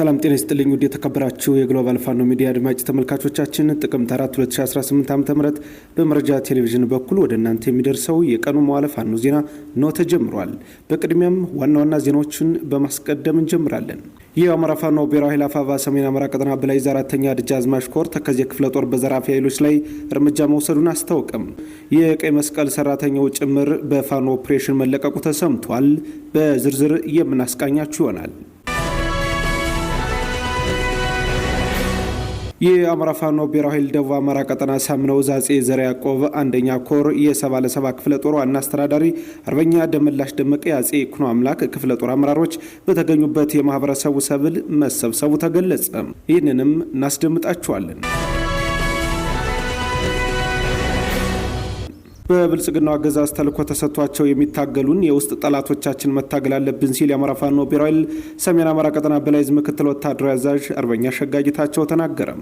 ሰላም ጤና ይስጥልኝ ውድ የተከበራችሁ የግሎባል ፋኖ ሚዲያ አድማጭ ተመልካቾቻችን ጥቅምት 4 2018 ዓ ም በመረጃ ቴሌቪዥን በኩል ወደ እናንተ የሚደርሰው የቀኑ መዋለ ፋኖ ዜና ነው ተጀምሯል። በቅድሚያም ዋና ዋና ዜናዎችን በማስቀደም እንጀምራለን። የአማራ ፋኖ ብሔራዊ ኃይል አፋባ ሰሜን አማራ ቀጠና በላይ አራተኛ ደጃዝማች ኮር ተከዜ ክፍለ ጦር በዘራፊ ኃይሎች ላይ እርምጃ መውሰዱን አስታወቀም። የቀይ መስቀል ሰራተኛው ጭምር በፋኖ ኦፕሬሽን መለቀቁ ተሰምቷል። በዝርዝር የምናስቃኛችሁ ይሆናል። የአማራ ፋኖ ብሔራዊ ኃይል ደቡብ አማራ ቀጠና ሳምነው ዛጼ ዘረ ያዕቆብ አንደኛ ኮር የሰባ ለሰባ ክፍለ ጦር ዋና አስተዳዳሪ አርበኛ ደመላሽ ደመቀ የአጼ ኩኖ አምላክ ክፍለ ጦር አመራሮች በተገኙበት የማህበረሰቡ ሰብል መሰብሰቡ ተገለጸ። ይህንንም እናስደምጣችኋለን። በብልጽግናው አገዛዝ ተልኮ ተሰጥቷቸው የሚታገሉን የውስጥ ጠላቶቻችን መታገል አለብን ሲል የአማራ ፋኖ ብሔራዊ ኃይል ሰሜን አማራ ቀጠና በላይ ምክትል ወታደራዊ አዛዥ አርበኛ ሸጋጌታቸው ተናገረም።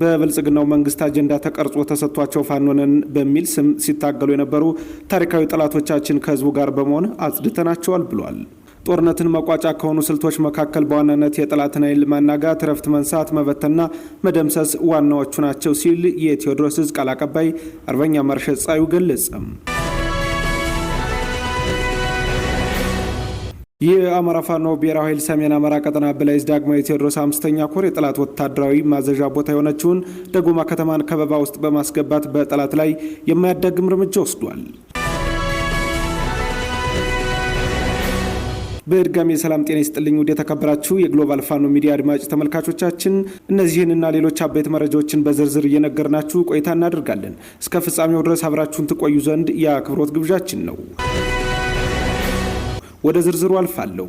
በብልጽግናው መንግስት አጀንዳ ተቀርጾ ተሰጥቷቸው ፋኖንን በሚል ስም ሲታገሉ የነበሩ ታሪካዊ ጠላቶቻችን ከህዝቡ ጋር በመሆን አጽድተናቸዋል ብሏል። ጦርነትን መቋጫ ከሆኑ ስልቶች መካከል በዋናነት የጠላትን ኃይል ማናጋት፣ እረፍት መንሳት፣ መበተና መደምሰስ ዋናዎቹ ናቸው ሲል የቴዎድሮስ እዝ ቃል አቀባይ አርበኛ ማርሸት ጻዩ ገለጸ። የአማራ ፋኖ ብሔራዊ ኃይል ሰሜን አማራ ቀጠና በላይዝ ዳግማዊ ቴዎድሮስ አምስተኛ ኮር የጠላት ወታደራዊ ማዘዣ ቦታ የሆነችውን ደጎማ ከተማን ከበባ ውስጥ በማስገባት በጠላት ላይ የማያዳግም እርምጃ ወስዷል። በድጋሚ የሰላም ጤና ይስጥልኝ። ውድ የተከበራችሁ የግሎባል ፋኖ ሚዲያ አድማጭ ተመልካቾቻችን እነዚህንና ሌሎች አበይት መረጃዎችን በዝርዝር እየነገርናችሁ ቆይታ እናደርጋለን። እስከ ፍጻሜው ድረስ አብራችሁን ትቆዩ ዘንድ የአክብሮት ግብዣችን ነው። ወደ ዝርዝሩ አልፋለሁ።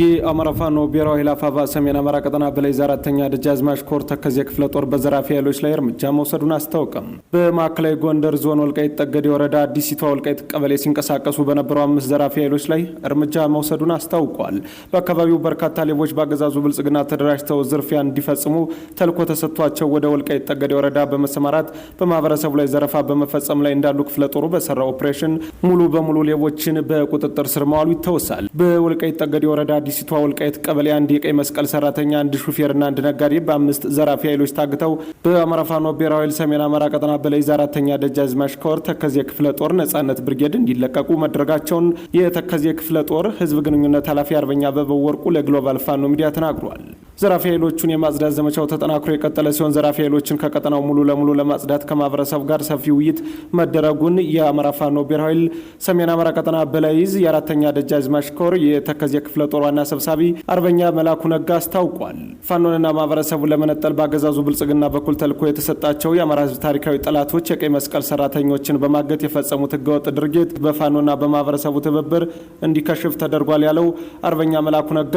የአማራ ፋኖ ብሔራዊ ኃይል አፋባ ሰሜን አማራ ቀጠና በላይ አራተኛ ደጃዝማች ኮር ተከዜ ክፍለ ጦር በዘራፊ ኃይሎች ላይ እርምጃ መውሰዱን አስታወቀም። በማዕከላዊ ጎንደር ዞን ወልቃይት ጠገዴ ወረዳ አዲሲቷ ወልቃይት ቀበሌ ሲንቀሳቀሱ በነበሩ አምስት ዘራፊ ኃይሎች ላይ እርምጃ መውሰዱን አስታውቋል። በአካባቢው በርካታ ሌቦች በአገዛዙ ብልጽግና ተደራጅተው ዝርፊያ እንዲፈጽሙ ተልኮ ተሰጥቷቸው ወደ ወልቃይት ጠገዴ ወረዳ በመሰማራት በማህበረሰቡ ላይ ዘረፋ በመፈጸም ላይ እንዳሉ ክፍለ ጦሩ በሰራ ኦፕሬሽን ሙሉ በሙሉ ሌቦችን በቁጥጥር ስር መዋሉ ይታወሳል። በወልቃይት ጠገዴ ወረዳ በአዲሲቷ ወልቃይት ቀበሌ አንድ የቀይ መስቀል ሰራተኛ፣ አንድ ሹፌርና አንድ ነጋዴ በአምስት ዘራፊ ኃይሎች ታግተው በአማራ ፋኖ ብሔራዊ ኃይል ሰሜን አማራ ቀጠና በላይ አራተኛ ደጃዝማች ከወር ተከዜ ክፍለ ጦር ነጻነት ብርጌድ እንዲለቀቁ መደረጋቸውን የተከዜ ክፍለ ጦር ህዝብ ግንኙነት ኃላፊ አርበኛ በበወርቁ ለግሎባል ፋኖ ሚዲያ ተናግሯል። ዘራፊ ኃይሎቹን የማጽዳት ዘመቻው ተጠናክሮ የቀጠለ ሲሆን ዘራፊ ኃይሎችን ከቀጠናው ሙሉ ለሙሉ ለማጽዳት ከማህበረሰብ ጋር ሰፊ ውይይት መደረጉን የአማራ ፋኖ ብሔራዊ ኃይል ሰሜን አማራ ቀጠና በላይዝ የአራተኛ ደጃዝማች ኮር የተከዜ ክፍለ ጦር ዋና ሰብሳቢ አርበኛ መላኩ ነጋ አስታውቋል። ፋኖንና ማህበረሰቡን ለመነጠል በአገዛዙ ብልጽግና በኩል ተልኮ የተሰጣቸው የአማራ ህዝብ ታሪካዊ ጠላቶች የቀይ መስቀል ሰራተኞችን በማገት የፈጸሙት ህገወጥ ድርጊት በፋኖና በማህበረሰቡ ትብብር እንዲከሽፍ ተደርጓል ያለው አርበኛ መላኩ ነጋ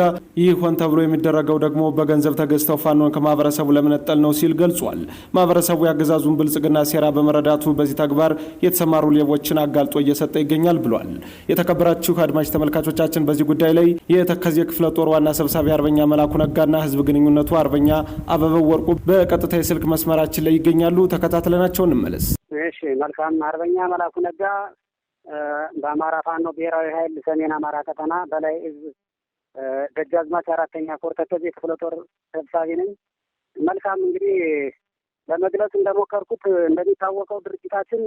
ይህ ሆን ተብሎ የሚደረገው ደግሞ በገንዘብ ተገዝተው ፋኖን ከማህበረሰቡ ለመነጠል ነው ሲል ገልጿል። ማህበረሰቡ የአገዛዙን ብልጽግና ሴራ በመረዳቱ በዚህ ተግባር የተሰማሩ ሌቦችን አጋልጦ እየሰጠ ይገኛል ብሏል። የተከበራችሁ አድማጭ ተመልካቾቻችን በዚህ ጉዳይ ላይ የተከዜ ክፍለ ጦር ዋና ሰብሳቢ አርበኛ መላኩ ነጋና ህዝብ ግንኙነቱ አርበኛ አበበው ወርቁ በቀጥታ የስልክ መስመራችን ላይ ይገኛሉ። ተከታትለናቸው እንመለስ። እሺ፣ መልካም አርበኛ መላኩ ነጋ በአማራ ፋኖ ብሔራዊ ኃይል ሰሜን አማራ ቀጠና በላይ እዝ ደጃዝማች አራተኛ ኮር ተከዜ ክፍለ ጦር ሰብሳቢ ነኝ። መልካም እንግዲህ ለመግለጽ እንደሞከርኩት እንደሚታወቀው ድርጅታችን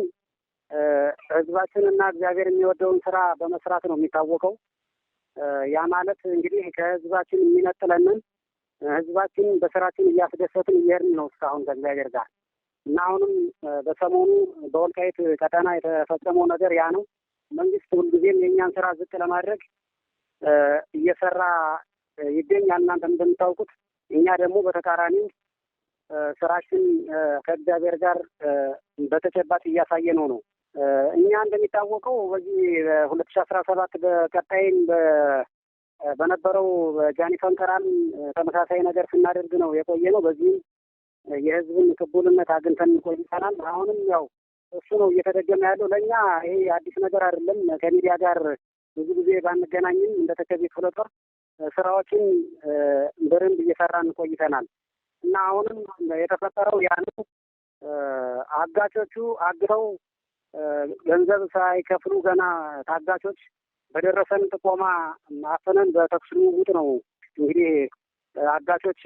ህዝባችን እና እግዚአብሔር የሚወደውን ስራ በመስራት ነው የሚታወቀው። ያ ማለት እንግዲህ ከህዝባችን የሚነጥለንን ህዝባችን በስራችን እያስደሰትን እየሄድን ነው እስካሁን ከእግዚአብሔር ጋር እና አሁንም በሰሞኑ በወልቃይት ቀጠና የተፈጸመው ነገር ያ ነው። መንግስት ሁልጊዜም የእኛን ስራ ዝቅ ለማድረግ እየሰራ ይገኛል። እናንተ እንደምታውቁት እኛ ደግሞ በተቃራኒው ስራችን ከእግዚአብሔር ጋር በተጨባጭ እያሳየ ነው ነው እኛ እንደሚታወቀው በዚህ ሁለት ሺ አስራ ሰባት በቀጣይም በነበረው ጃኒ ፈንከራም ተመሳሳይ ነገር ስናደርግ ነው የቆየ ነው። በዚህም የህዝብን ቅቡልነት አግኝተን ቆይተናል። አሁንም ያው እሱ ነው እየተደገመ ያለው። ለእኛ ይሄ አዲስ ነገር አይደለም። ከሚዲያ ጋር ብዙ ጊዜ ባንገናኝም እንደ ተከዜ ክፍለ ጦር ስራዎችን በደንብ እየሰራን ቆይተናል እና አሁንም የተፈጠረው ያን አጋቾቹ አግተው ገንዘብ ሳይከፍሉ ገና ታጋቾች በደረሰን ጥቆማ አፍነን በተኩስ ልውውጥ ነው እንግዲህ አጋቾች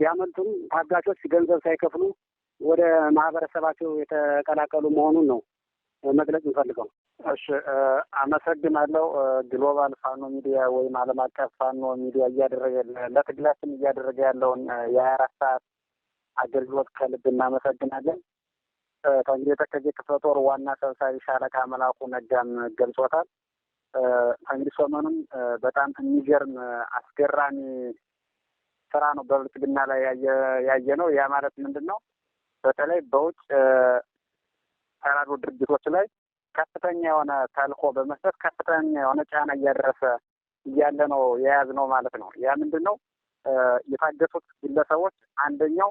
ቢያመልጡም ታጋቾች ገንዘብ ሳይከፍሉ ወደ ማህበረሰባቸው የተቀላቀሉ መሆኑን ነው መግለጽ እንፈልገው። እሺ አመሰግናለሁ። ግሎባል ፋኖ ሚዲያ ወይም ዓለም አቀፍ ፋኖ ሚዲያ እያደረገ ለትግላችን እያደረገ ያለውን የሀያ አራት ሰዓት አገልግሎት ከልብ እናመሰግናለን። ከእንግዲህ የተከዜ ክፍለ ጦር ዋና ሰብሳቢ ሻለቃ መላኩ ነጋም ገልጾታል። እንግዲህ ሰሞኑን በጣም የሚገርም አስገራሚ ስራ ነው በብልጽግና ላይ ያየ ነው። ያ ማለት ምንድን ነው? በተለይ በውጭ ተራዶ ድርጅቶች ላይ ከፍተኛ የሆነ ተልእኮ በመስጠት ከፍተኛ የሆነ ጫና እያደረሰ እያለ ነው ነው ማለት ነው። ያ ምንድን ነው? የታገቱት ግለሰቦች አንደኛው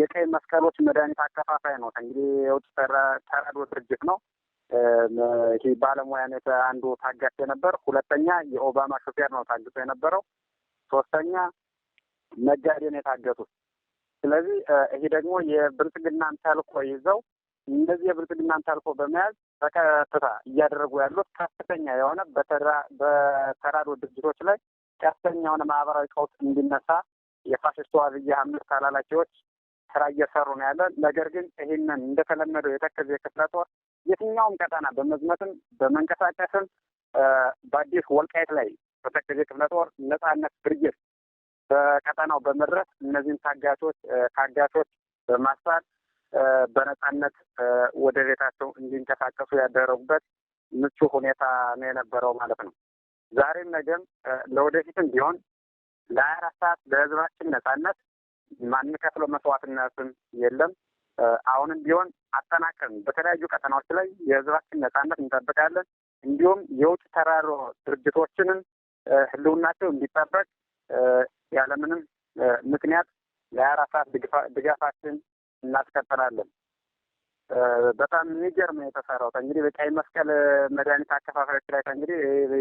የቀይ መስቀሎች መድኃኒት አከፋፋይ ነው። እንግዲህ የውጭ ተራድኦ ድርጅት ነው። ይህ ባለሙያ ነው አንዱ ታጋች የነበር። ሁለተኛ የኦባማ ሾፌር ነው ታግቶ የነበረው። ሶስተኛ ነጋዴ ነው የታገቱት። ስለዚህ ይሄ ደግሞ የብልጽግናን ተልእኮ ይዘው እነዚህ የብልጽግናን ተልእኮ በመያዝ በቀጥታ እያደረጉ ያሉት ከፍተኛ የሆነ በተራዶ ድርጅቶች ላይ ከፍተኛ የሆነ ማህበራዊ ቀውስ እንዲነሳ የፋሽስቱ አብይ አህመድ ተላላኪዎች ስራ እየሰሩ ነው ያለ። ነገር ግን ይህንን እንደተለመደው የተከዜ ክፍለ ጦር የትኛውም ቀጠና በመዝመትም በመንቀሳቀስም በአዲስ ወልቃይት ላይ በተከዜ ክፍለ ጦር ነጻነት ብርጌድ በቀጠናው በመድረስ እነዚህን ታጋቾች ካጋቾች በማስፋት በነፃነት ወደ ቤታቸው እንዲንቀሳቀሱ ያደረጉበት ምቹ ሁኔታ ነው የነበረው ማለት ነው። ዛሬም ነገም ለወደፊትም ቢሆን ለሀያ አራት ሰዓት ለህዝባችን ነፃነት ማንከፍለው መስዋዕትነትም የለም። አሁንም ቢሆን አጠናቀን በተለያዩ ቀጠናዎች ላይ የህዝባችን ነፃነት እንጠብቃለን። እንዲሁም የውጭ ተራሮ ድርጅቶችንም ህልውናቸው እንዲጠበቅ ያለምንም ምክንያት ለሀያ አራት ሰዓት ድጋፋችን እናስከተላለን። በጣም የሚገርም የተሰራው። እንግዲህ በቀይ መስቀል መድኃኒት አከፋፋዮች ላይ እንግዲህ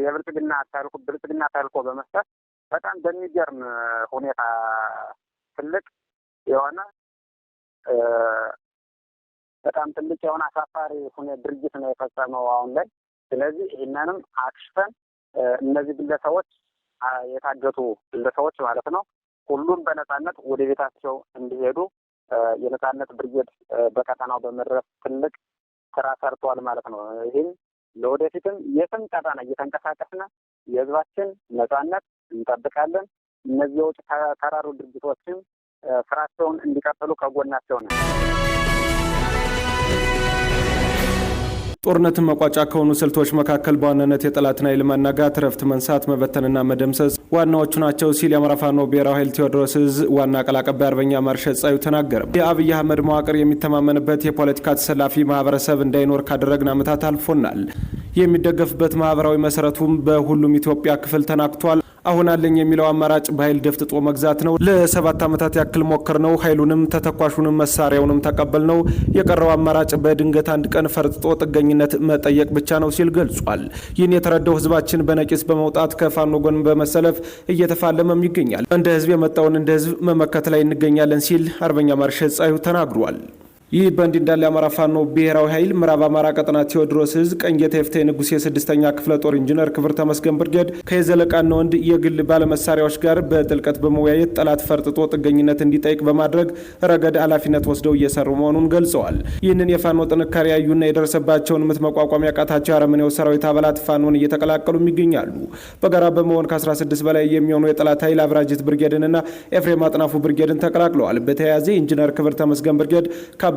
የብልጽግና ተልኮ ብልጽግና ተልኮ በመስጠት በጣም በሚገርም ሁኔታ ትልቅ የሆነ በጣም ትልቅ የሆነ አሳፋሪ ሁኔ ድርጊት ነው የፈጸመው አሁን ላይ። ስለዚህ ይህንንም አክሽፈን እነዚህ ግለሰቦች የታገቱ ግለሰቦች ማለት ነው ሁሉም በነፃነት ወደ ቤታቸው እንዲሄዱ የነጻነት ብርጌድ በቀጠናው በመድረስ ትልቅ ስራ ሰርቷል ማለት ነው። ይህም ለወደፊትም የትም ቀጠና እየተንቀሳቀስን የህዝባችን ነጻነት እንጠብቃለን። እነዚህ የውጭ ተራሩ ድርጅቶችም ስራቸውን እንዲቀጥሉ ከጎናቸው ነው። ጦርነትን መቋጫ ከሆኑ ስልቶች መካከል በዋናነት የጠላትን ኃይል መናጋት፣ ረፍት መንሳት፣ መበተንና መደምሰስ ዋናዎቹ ናቸው ሲል የአማራ ፋኖ ብሔራዊ ኃይል ቴዎድሮስ እዝ ዋና ቃል አቀባይ አርበኛ ማርሸት ጻዩ ተናገረ። የአብይ አህመድ መዋቅር የሚተማመንበት የፖለቲካ ተሰላፊ ማህበረሰብ እንዳይኖር ካደረግን ዓመታት አልፎናል። የሚደገፍበት ማህበራዊ መሰረቱም በሁሉም ኢትዮጵያ ክፍል ተናግቷል። አሁን አለኝ የሚለው አማራጭ በኃይል ደፍጥጦ መግዛት ነው። ለሰባት ዓመታት ያክል ሞከር ነው። ኃይሉንም ተተኳሹንም መሳሪያውንም ተቀበል ነው። የቀረው አማራጭ በድንገት አንድ ቀን ፈርጥጦ ጥገኝነት መጠየቅ ብቻ ነው ሲል ገልጿል። ይህን የተረዳው ህዝባችን በነቂስ በመውጣት ከፋኖ ጎን በመሰለፍ እየተፋለመም ይገኛል። እንደ ህዝብ የመጣውን እንደ ህዝብ መመከት ላይ እንገኛለን ሲል አርበኛ ማርሸ ጻዩ ተናግሯል። ይህ በእንዲህ እንዳለ የአማራ ፋኖ ብሔራዊ ኃይል ምዕራብ አማራ ቀጠና ቴዎድሮስ ዕዝ ቀንጌታ የፍትሄ ንጉሥ የስድስተኛ ክፍለ ጦር ኢንጂነር ክብር ተመስገን ብርጌድ ከየዘለቃና ወንድ የግል ባለመሳሪያዎች ጋር በጥልቀት በመወያየት ጠላት ፈርጥጦ ጥገኝነት እንዲጠይቅ በማድረግ ረገድ ኃላፊነት ወስደው እየሰሩ መሆኑን ገልጸዋል። ይህንን የፋኖ ጥንካሬ ያዩና የደረሰባቸውን ምት መቋቋም ያቃታቸው የአረመኔው ሰራዊት አባላት ፋኖን እየተቀላቀሉም ይገኛሉ። በጋራ በመሆን ከ16 በላይ የሚሆኑ የጠላት ኃይል አብራጅት ብርጌድንና ኤፍሬም አጥናፉ ብርጌድን ተቀላቅለዋል። በተያያዘ ኢንጂነር ክብር ተመስገን ብርጌድ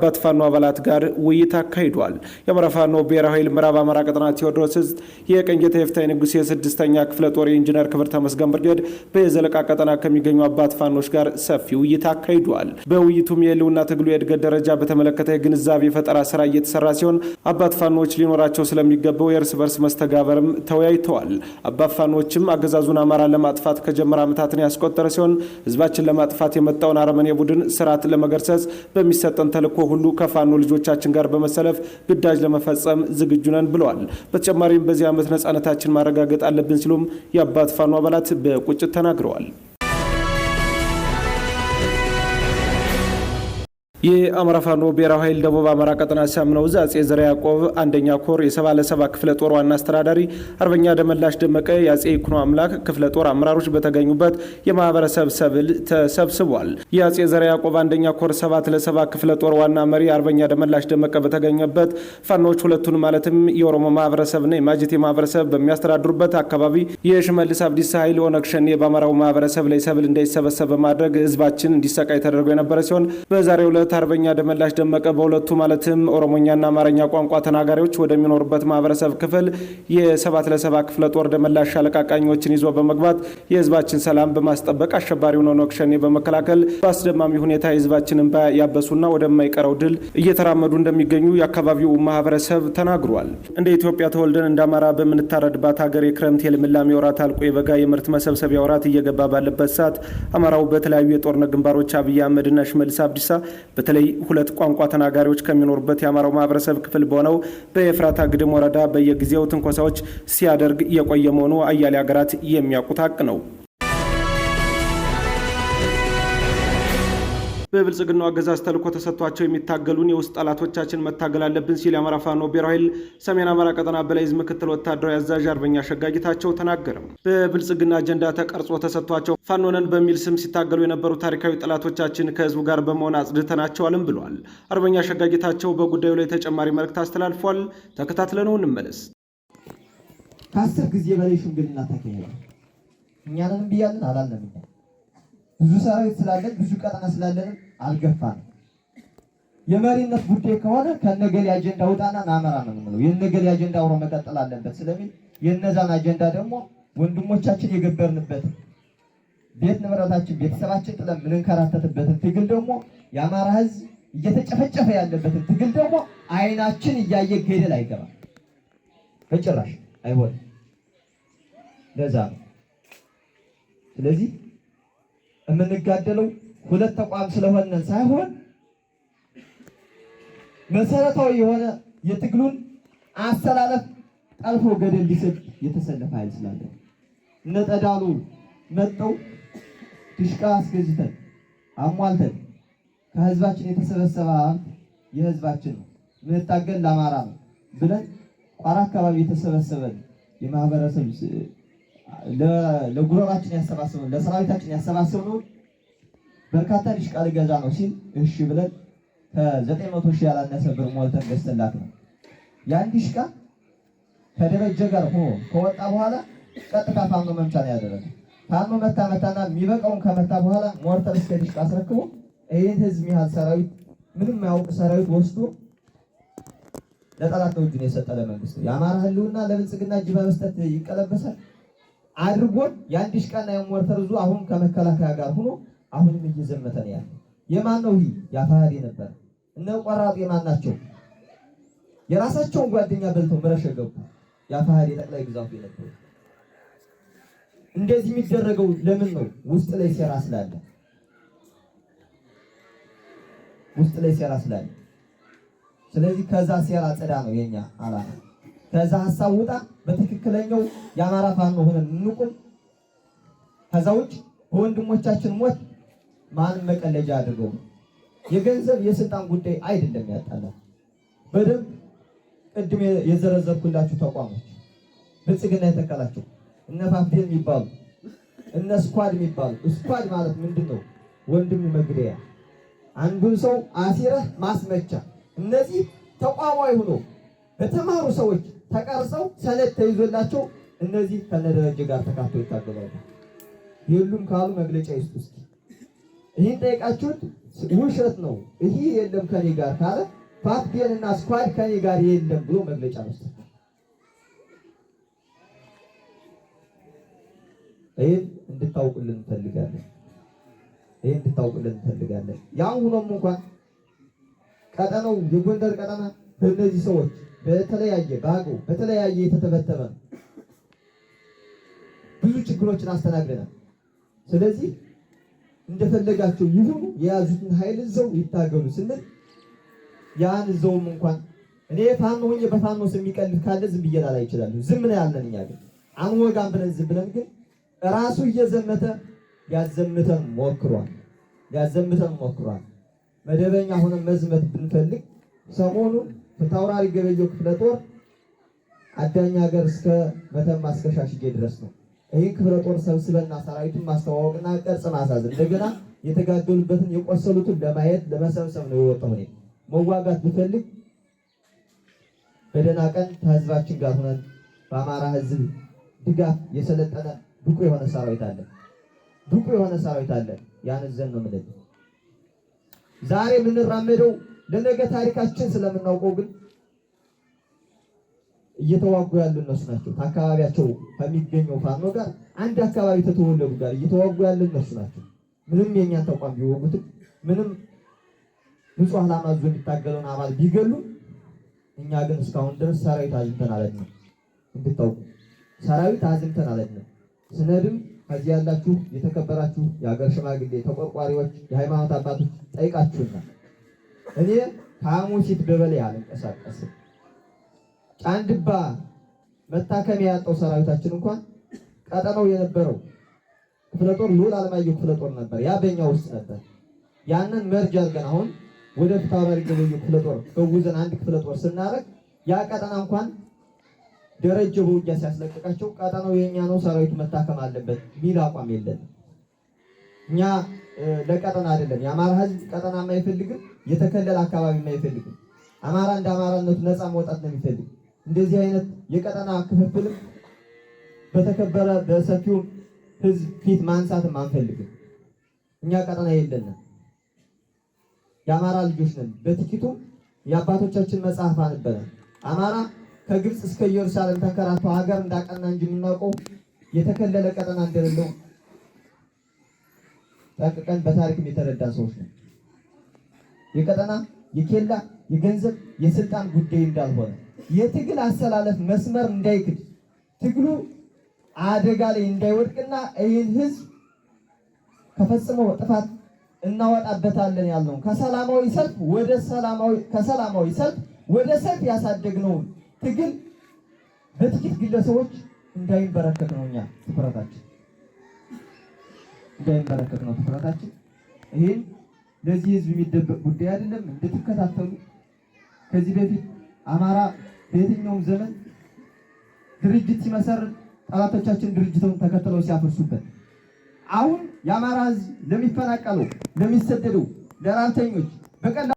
ከአባት ፋኖ አባላት ጋር ውይይት አካሂዷል። የአማራ ፋኖ ብሔራዊ ኃይል ምዕራብ አማራ ቀጠና ቴዎድሮስ ዕዝ የቀኝጌታ የፍታይ ንጉሥ የስድስተኛ ክፍለ ጦር የኢንጂነር ክብር ተመስገን ብርጌድ በየዘለቃ ቀጠና ከሚገኙ አባት ፋኖች ጋር ሰፊ ውይይት አካሂዷል። በውይይቱም የህልውና ትግሉ የእድገት ደረጃ በተመለከተ የግንዛቤ ፈጠራ ስራ እየተሰራ ሲሆን አባት ፋኖች ሊኖራቸው ስለሚገባው የእርስ በርስ መስተጋበርም ተወያይተዋል። አባት ፋኖችም አገዛዙን አማራ ለማጥፋት ከጀመረ ዓመታትን ያስቆጠረ ሲሆን ህዝባችን ለማጥፋት የመጣውን አረመኔ ቡድን ስርዓት ለመገርሰስ በሚሰጠን ተልዕኮ ሁሉ ከፋኖ ልጆቻችን ጋር በመሰለፍ ግዳጅ ለመፈጸም ዝግጁ ነን ብለዋል። በተጨማሪም በዚህ ዓመት ነጻነታችን ማረጋገጥ አለብን ሲሉም የአባት ፋኖ አባላት በቁጭት ተናግረዋል። የአማራ ፋኖ ብሔራዊ ኃይል ደቡብ አማራ ቀጠና ሲያምነው እዝ አጼ ዘረ ያዕቆብ አንደኛ ኮር የሰባ ለሰባ ክፍለ ጦር ዋና አስተዳዳሪ አርበኛ ደመላሽ ደመቀ የአጼ ይኩኖ አምላክ ክፍለ ጦር አመራሮች በተገኙበት የማህበረሰብ ሰብል ተሰብስቧል። የአጼ ዘረ ያዕቆብ አንደኛ ኮር ሰባት ለሰባ ክፍለ ጦር ዋና መሪ አርበኛ ደመላሽ ደመቀ በተገኘበት ፋኖዎች ሁለቱን ማለትም የኦሮሞ ማህበረሰብና የማጀቴ ማህበረሰብ በሚያስተዳድሩበት አካባቢ የሽመልስ አብዲሳ ኃይል ኦነግ ሸኔ በአማራው ማህበረሰብ ላይ ሰብል እንዳይሰበሰብ በማድረግ ህዝባችን እንዲሰቃይ ተደርጎ የነበረ ሲሆን በዛሬው ዕለት አርበኛ ደመላሽ ደመቀ በሁለቱ ማለትም ኦሮሞኛና አማርኛ ቋንቋ ተናጋሪዎች ወደሚኖሩበት ማህበረሰብ ክፍል የሰባት ለሰባ ክፍለ ጦር ደመላሽ ሻለቃ ቃኞችን ይዞ በመግባት የህዝባችን ሰላም በማስጠበቅ አሸባሪውን ኦነግ ሸኔ በመከላከል በአስደማሚ ሁኔታ የህዝባችንን ያበሱና ወደማይቀረው ድል እየተራመዱ እንደሚገኙ የአካባቢው ማህበረሰብ ተናግሯል። እንደ ኢትዮጵያ ተወልደን እንደ አማራ በምንታረድባት ሀገር የክረምት የልምላሜ ወራት አልቆ የበጋ የምርት መሰብሰቢያ ወራት እየገባ ባለበት ሰዓት አማራው በተለያዩ የጦርነት ግንባሮች አብይ አህመድና ሽመልስ አብዲሳ በተለይ ሁለት ቋንቋ ተናጋሪዎች ከሚኖሩበት የአማራው ማህበረሰብ ክፍል በሆነው በኤፍራታ ግድም ወረዳ በየጊዜው ትንኮሳዎች ሲያደርግ የቆየ መሆኑ አያሌ ሀገራት የሚያውቁት ሀቅ ነው። በብልጽግናው አገዛዝ ተልኮ ተሰጥቷቸው የሚታገሉን የውስጥ ጠላቶቻችን መታገል አለብን ሲል የአማራ ፋኖ ብሔራዊ ኃይል ሰሜን አማራ ቀጠና በላይ ዕዝ ምክትል ወታደራዊ አዛዥ አርበኛ አሸጋጊታቸው ተናገረ። በብልጽግና አጀንዳ ተቀርጾ ተሰጥቷቸው ፋኖነን በሚል ስም ሲታገሉ የነበሩ ታሪካዊ ጠላቶቻችን ከህዝቡ ጋር በመሆን አጽድተናቸዋልም ብሏል። አርበኛ አሸጋጊታቸው በጉዳዩ ላይ ተጨማሪ መልእክት አስተላልፏል። ተከታትለነው እንመለስ። ከአስር ጊዜ በላይ ሽምግልና ተካሂዷል። እኛንም ብያለን አላለም ብዙ ሰራዊት ስላለን ብዙ ቀጠና ስላለን አልገፋንም። የመሪነት ጉዳይ ከሆነ ከነገሌ አጀንዳ ውጣና ናመራ ነው የምለው። የነገሌ አጀንዳ አውሮ መቀጠል አለበት ስለሚል የነዛን አጀንዳ ደግሞ ወንድሞቻችን የገበርንበት ቤት ንብረታችን፣ ቤተሰባችን ጥለን የምንንከራተትበትን ትግል ደግሞ የአማራ ህዝብ እየተጨፈጨፈ ያለበትን ትግል ደግሞ አይናችን እያየ ገደል አይገባም። በጭራሽ አይሆንም። ለዛ ነው ስለዚህ የምንጋደለው ሁለት ተቋም ስለሆነ ሳይሆን መሰረታዊ የሆነ የትግሉን አሰላለፍ ጠልፎ ገደል ሊስብ የተሰለፈ ኃይል ስላለ ነጠዳሉ መጠው ድሽቃ አስገዝተን አሟልተን ከህዝባችን የተሰበሰበ ሀብት የህዝባችን ምንታገል የምንታገል ለአማራ ነው ብለን ቋራ አካባቢ የተሰበሰበን የማህበረሰብ ለጉረባችን ያሰባሰበን ለሰራዊታችን ያሰባሰብነውን በርካታ ዲሽ ቃል ገዛ ነው ሲል እሺ ብለን ከዘጠኝ መቶ ሺህ ያላነሰ ብር ሞልተን ገዝተላት ነው። ያን ዲሽ ቃል ከደረጀ ጋር ሆኖ ከወጣ በኋላ ቀጥታ ፋኖ መምቻ ነው ያደረገው። ፋኖ መታ መታና የሚበቃውን ከመታ በኋላ ሞርተር እስከ ዲሽ ቃል አስረክቦ ይህን ህዝብ ያህል ሰራዊት ምንም ያውቅ ሰራዊት ወስዶ ለጠላት ነው እጁን የሰጠ ለመንግስት። የአማራ ህልውና ለብልጽግና እጅ በመስጠት ይቀለበሳል አድርጎን የአንድ ዲሽ የሞርተር ዙ አሁን ከመከላከያ ጋር ሆኖ አሁንም እየዘመተ ነው ያለ። የማን ነው ይህ? የአፋህድ ነበር። እነ ቆራጥ የማን ናቸው? የራሳቸውን ጓደኛ በልተው ምረሸ ገቡ። የአፋህድ ጠቅላይ ግዛቱ የነበሩ እንደዚህ የሚደረገው ለምን ነው? ውስጥ ላይ ሴራ ስላለ፣ ውስጥ ላይ ሴራ ስላለ። ስለዚህ ከዛ ሴራ ጽዳ ነው የኛ አላማ። ከዛ ሀሳብ ውጣ፣ በትክክለኛው የአማራ ፋኖ ሆነን እንቁም። ከዛ ውጭ በወንድሞቻችን ሞት ማንም መቀለጃ አድርገው። የገንዘብ የስልጣን ጉዳይ አይደለም ያጣላል። በደንብ ቅድም የዘረዘርኩላችሁ ተቋሞች ብልጽግና የተቀላቸው እነ ፋፍቴል የሚባሉ እነ ስኳድ የሚባሉ ስኳድ ማለት ምንድን ነው? ወንድም መግደያ፣ አንዱን ሰው አሲረህ ማስመቻ። እነዚህ ተቋማዊ ሆኖ በተማሩ ሰዎች ተቀርጸው ሰነድ ተይዞላቸው እነዚህ ከነደረጀ ጋር ተካቶ ይታገባሉ። የሉም ካሉ መግለጫ ይስጡ እስኪ። ይህን ጠይቃችሁት ውሸት ነው ይሄ የለም ከኔ ጋር ካለ እና ስኳድ ከኔ ጋር የለም ብሎ መግለጫ መስጠት ይህን እንድታውቁልን እንፈልጋለን። ይህን እንድታውቁልን እንፈልጋለን። ያም ሆኖም እንኳን ቀጠናው የጎንደር ቀጠና በእነዚህ ሰዎች በተለያየ በአገው በተለያየ የተተበተበ ብዙ ችግሮችን አስተናግደናል። ስለዚህ እንደፈለጋቸው ይሁኑ፣ የያዙትን ኃይል እዘው ይታገሉ ስንል ያን እዘውም እንኳን እኔ ፋኖ ሆኜ በፋኖ የሚቀልድ ካለ ዝም ብዬ ላላ ይችላሉ። ዝም ነው ያለን እኛ ግን አንወጋም ብለን ዝም ብለን ግን ራሱ እየዘመተ ሊያዘምተን ሞክሯል። ሊያዘምተን ሞክሯል። መደበኛ ሆነ መዝመት ብንፈልግ ሰሞኑ ፊታውራሪ ገበየው ክፍለ ጦር አዳኛ ሀገር እስከ መተማ እስከ ሻሽጌ ድረስ ነው ይህ ክብረ ጦር ሰብስበና ሰራዊቱን ማስተዋወቅና ቅርጽ ማሳዝ እንደገና የተጋደሉበትን የቆሰሉትን ለማየት ለመሰብሰብ ነው የወጣው እኔ መዋጋት ብፈልግ በደህና ቀን ከህዝባችን ጋር ሆነን በአማራ ህዝብ ድጋፍ የሰለጠነ ብቁ የሆነ ሰራዊት አለ፣ ብቁ የሆነ ሰራዊት አለ። ያን ዘን ነው የምልህ። ዛሬ የምንራመደው ለነገ ታሪካችን ስለምናውቀው ግን እየተዋጉ ያሉ እነሱ ናቸው። ከአካባቢያቸው ከሚገኘው ፋኖ ጋር አንድ አካባቢ ተተወለዱ ጋር እየተዋጉ ያሉ እነሱ ናቸው። ምንም የእኛን ተቋም ቢወጉትም ምንም ንጹህ አላማ ዞ የሚታገለውን አባል ቢገሉ፣ እኛ ግን እስካሁን ድረስ ሰራዊት አዝምተን አለድነው። እንድታውቁ ሰራዊት አዝምተን አለድነው። ስነድም ከዚህ ያላችሁ የተከበራችሁ የሀገር ሽማግሌ ተቆርቋሪዎች፣ የሃይማኖት አባቶች ጠይቃችሁና እኔ ከሐሙሲት ደበሌ አልንቀሳቀስም ጫንድባ መታከሚያ ያጣው ሰራዊታችን እንኳን ቀጠናው የነበረው ክፍለ ጦር ልዑል አለማየሁ ክፍለ ጦር ነበር። ያ በእኛ ውስጥ ነበር። ያንን መርጅ አድርገን አሁን ወደ ፍታባሪ ገበዩ ክፍለ ጦር በውዘን አንድ ክፍለ ጦር ስናደርግ ያ ቀጠና እንኳን ደረጀ በውጊያ ሲያስለቅቃቸው ቀጠናው የኛ ነው፣ ሰራዊቱ መታከም አለበት ሚል አቋም የለንም። እኛ ለቀጠና አይደለም። የአማራ ህዝብ ቀጠና የማይፈልግም የተከለለ አካባቢ የማይፈልግም። አማራ እንደ አማራነቱ ነፃ መውጣት ነው የሚፈልግ እንደዚህ አይነት የቀጠና ክፍፍልም በተከበረ በሰፊው ህዝብ ፊት ማንሳትም አንፈልግም። እኛ ቀጠና የለንም፣ የአማራ ልጆች ነን። በጥቂቱም የአባቶቻችን መጽሐፍ አነበረ አማራ ከግብፅ እስከ ኢየሩሳሌም ተንከራቶ ሀገር እንዳቀና እንጂ የምናውቀው የተከለለ ቀጠና እንደሌለው ጠቅቀን በታሪክም የተረዳ ሰዎች ነው። የቀጠና የኬላ የገንዘብ የስልጣን ጉዳይ እንዳልሆነ የትግል አሰላለፍ መስመር እንዳይክድ ትግሉ አደጋ ላይ እንዳይወድቅና ይህን ህዝብ ከፈጽሞ ጥፋት እናወጣበታለን ያልነው ከሰላማዊ ሰልፍ ወደ ሰላማዊ ከሰላማዊ ሰልፍ ወደ ሰልፍ ያሳደግነውን ትግል በጥቂት ግለሰቦች እንዳይንበረከት ነው እኛ ትኩረታችን እንዳይንበረከት ነው ትኩረታችን። ይህን ለዚህ ህዝብ የሚደበቅ ጉዳይ አይደለም፣ እንድትከታተሉ ከዚህ በፊት አማራ በየትኛውም ዘመን ድርጅት ሲመሰርት ጠላቶቻችን ድርጅቱን ተከትለው ሲያፈርሱበት፣ አሁን የአማራ ህዝብ ለሚፈናቀሉ ለሚሰደዱ ለራንተኞች በቀላ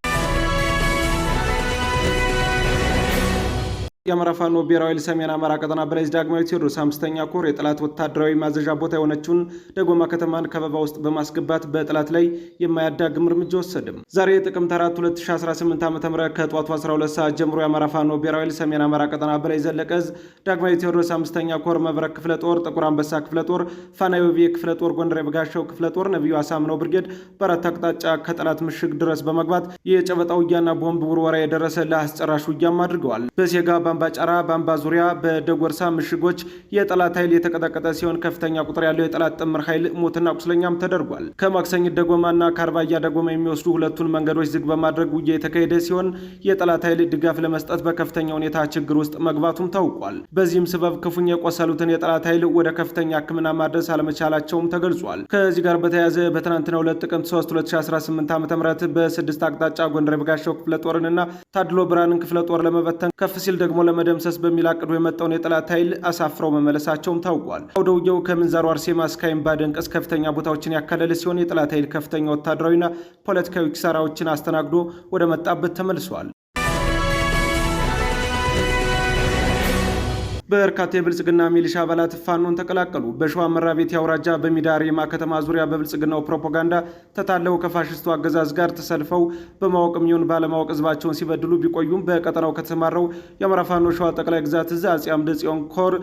የአማራ ፋኖ ብሔራዊ ኃይል ሰሜን አማራ ቀጠና በላይ ዳግማዊ ቴዎድሮስ አምስተኛ ኮር የጠላት ወታደራዊ ማዘዣ ቦታ የሆነችውን ደጎማ ከተማን ከበባ ውስጥ በማስገባት በጠላት ላይ የማያዳግም እርምጃ ወሰድም። ዛሬ የጥቅምት 4 2018 ዓ ም ከጠዋቱ 12 ሰዓት ጀምሮ የአማራ ፋኖ ብሔራዊ ኃይል ሰሜን አማራ ቀጠና በላይ ዘለቀ ዕዝ ዳግማዊ ቴዎድሮስ አምስተኛ ኮር መብረክ ክፍለ ጦር፣ ጥቁር አንበሳ ክፍለ ጦር፣ ፋናዮቪ ክፍለ ጦር፣ ጎንደር የበጋሻው ክፍለ ጦር፣ ነቢዩ አሳምነው ብርጌድ በአራት አቅጣጫ ከጠላት ምሽግ ድረስ በመግባት የጨበጣ ውጊያና ቦምብ ውርወራ የደረሰ ለአስጨራሽ ውጊያም አድርገዋል። በሴጋ በአምባ ጨራ፣ በአምባ ዙሪያ፣ በደጎርሳ ምሽጎች የጠላት ኃይል የተቀጠቀጠ ሲሆን ከፍተኛ ቁጥር ያለው የጠላት ጥምር ኃይል ሞትና ቁስለኛም ተደርጓል። ከማክሰኝት ደጎማና ከአርባያ ደጎማ የሚወስዱ ሁለቱን መንገዶች ዝግ በማድረግ ውጊያ የተካሄደ ሲሆን የጠላት ኃይል ድጋፍ ለመስጠት በከፍተኛ ሁኔታ ችግር ውስጥ መግባቱም ታውቋል። በዚህም ስበብ ክፉኛ የቆሰሉትን የጠላት ኃይል ወደ ከፍተኛ ሕክምና ማድረስ አለመቻላቸውም ተገልጿል። ከዚህ ጋር በተያያዘ በትናንትናው ሁለት ጥቅምት 3 2018 ዓ ም በስድስት አቅጣጫ ጎንደር የበጋሻው ክፍለ ጦርንና ታድሎ ብርሃንን ክፍለ ጦር ለመበተን ከፍ ሲል ደግሞ ተጠቅሞ ለመደምሰስ በሚል አቅዶ የመጣውን የጠላት ኃይል አሳፍረው መመለሳቸውም ታውቋል። አውደ ውጊያው ከምንዛሩ አርሴማ እስከ አይምባደን ቀስ ከፍተኛ ቦታዎችን ያካለለ ሲሆን የጠላት ኃይል ከፍተኛ ወታደራዊና ፖለቲካዊ ኪሳራዎችን አስተናግዶ ወደ መጣበት ተመልሷል። በርካታ የብልጽግና ሚሊሻ አባላት ፋኖን ተቀላቀሉ። በሸዋ መራቤቴ አውራጃ በሚዳሬማ ከተማ ዙሪያ በብልጽግናው ፕሮፓጋንዳ ተታለው ከፋሽስቱ አገዛዝ ጋር ተሰልፈው በማወቅም ይሁን ባለማወቅ ህዝባቸውን ሲበድሉ ቢቆዩም በቀጠናው ከተሰማራው የአማራ ፋኖ ሸዋ ጠቅላይ ግዛት እዝ አጼ አምደ ጽዮን ኮር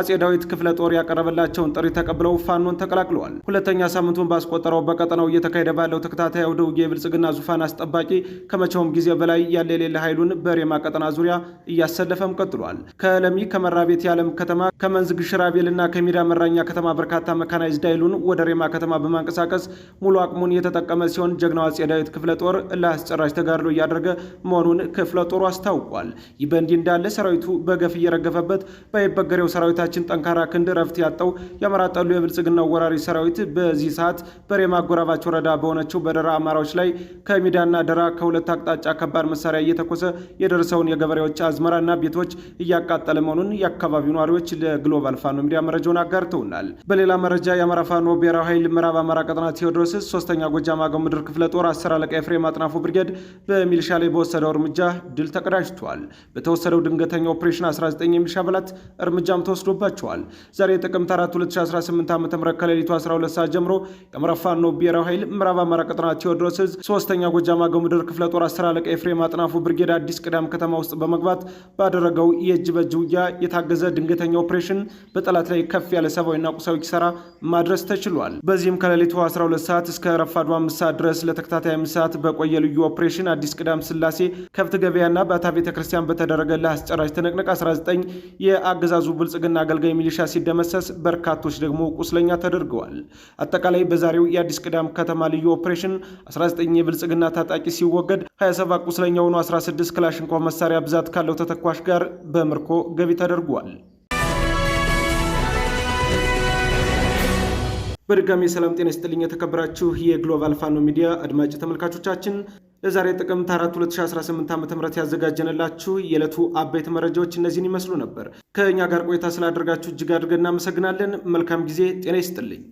አጼ ዳዊት ክፍለ ጦር ያቀረበላቸውን ጥሪ ተቀብለው ፋኖን ተቀላቅለዋል። ሁለተኛ ሳምንቱን ባስቆጠረው በቀጠናው እየተካሄደ ባለው ተከታታይ አውደ ውጊያ የብልጽግና ዙፋን አስጠባቂ ከመቼውም ጊዜ በላይ ያለ የሌለ ኃይሉን በሬማ ቀጠና ዙሪያ እያሰለፈም ቀጥሏል። ከለሚ ከመራቤ ቤት የዓለም ከተማ ከመንዝ ግሽር አቤልና ከሚዳ መራኛ ከተማ በርካታ መካናይዝድ ኃይሉን ወደ ሬማ ከተማ በማንቀሳቀስ ሙሉ አቅሙን የተጠቀመ ሲሆን ጀግናው አጼ ዳዊት ክፍለ ጦር ለአስጨራሽ ተጋድሎ እያደረገ መሆኑን ክፍለ ጦሩ አስታውቋል። ይህ በእንዲህ እንዳለ ሰራዊቱ በገፍ እየረገፈበት በይበገሬው ሰራዊታችን ጠንካራ ክንድ ረፍት ያጣው ያመራጠሉ የብልጽግና የብልጽግናው ወራሪ ሰራዊት በዚህ ሰዓት በሬማ አጎራባች ወረዳ በሆነችው በደራ አማራዎች ላይ ከሚዳና ደራ ከሁለት አቅጣጫ ከባድ መሳሪያ እየተኮሰ የደረሰውን የገበሬዎች አዝመራና ቤቶች እያቃጠለ መሆኑን ያካ የአካባቢው ነዋሪዎች ለግሎባል ፋኖ ሚዲያ መረጃውን አጋርተውናል። በሌላ መረጃ የአማራ ፋኖ ብሔራዊ ኃይል ምዕራብ አማራ ቀጠና ቴዎድሮስ ሶስተኛ ጎጃም አገው ምድር ክፍለ ጦር አስር አለቃ ኤፍሬም አጥናፉ ብርጌድ በሚሊሻ ላይ በወሰደው እርምጃ ድል ተቀዳጅቷል። በተወሰደው ድንገተኛ ኦፕሬሽን 19 የሚሻ አባላት እርምጃም ተወስዶባቸዋል። ዛሬ ጥቅምት 4 2018 ዓ ም ከሌሊቱ 12 ሰዓት ጀምሮ የአማራ ፋኖ ብሔራዊ ኃይል ምዕራብ አማራ ቀጠና ቴዎድሮስ ሶስተኛ ጎጃም አገው ምድር ክፍለ ጦር አስር አለቃ ኤፍሬም አጥናፉ ብርጌድ አዲስ ቅዳም ከተማ ውስጥ በመግባት ባደረገው የእጅ በእጅ ውጊያ የታገ ያገዘ ድንገተኛ ኦፕሬሽን በጠላት ላይ ከፍ ያለ ሰብአዊና ቁሳዊ ኪሳራ ማድረስ ተችሏል። በዚህም ከሌሊቱ 12 ሰዓት እስከ ረፋዱ አምስት ሰዓት ድረስ ለተከታታይ አምስት ሰዓት በቆየ ልዩ ኦፕሬሽን አዲስ ቅዳም ስላሴ ከብት ገበያና በአታ ቤተ ክርስቲያን በተደረገ ለአስጨራሽ ትንቅንቅ 19 የአገዛዙ ብልጽግና አገልጋይ ሚሊሻ ሲደመሰስ በርካቶች ደግሞ ቁስለኛ ተደርገዋል። አጠቃላይ በዛሬው የአዲስ ቅዳም ከተማ ልዩ ኦፕሬሽን 19 የብልጽግና ታጣቂ ሲወገድ 27 ቁስለኛ ሆኖ 16 ክላሽንኮቭ መሳሪያ ብዛት ካለው ተተኳሽ ጋር በምርኮ ገቢ ተደርጓል። ተናግረዋል። በድጋሚ ሰላም ጤና ይስጥልኝ። የተከበራችሁ የግሎባል ፋኖ ሚዲያ አድማጭ ተመልካቾቻችን ለዛሬ ጥቅምት 4 2018 ዓ ም ያዘጋጀንላችሁ የዕለቱ አበይት መረጃዎች እነዚህን ይመስሉ ነበር። ከእኛ ጋር ቆይታ ስላደርጋችሁ እጅግ አድርገን እናመሰግናለን። መልካም ጊዜ። ጤና ይስጥልኝ።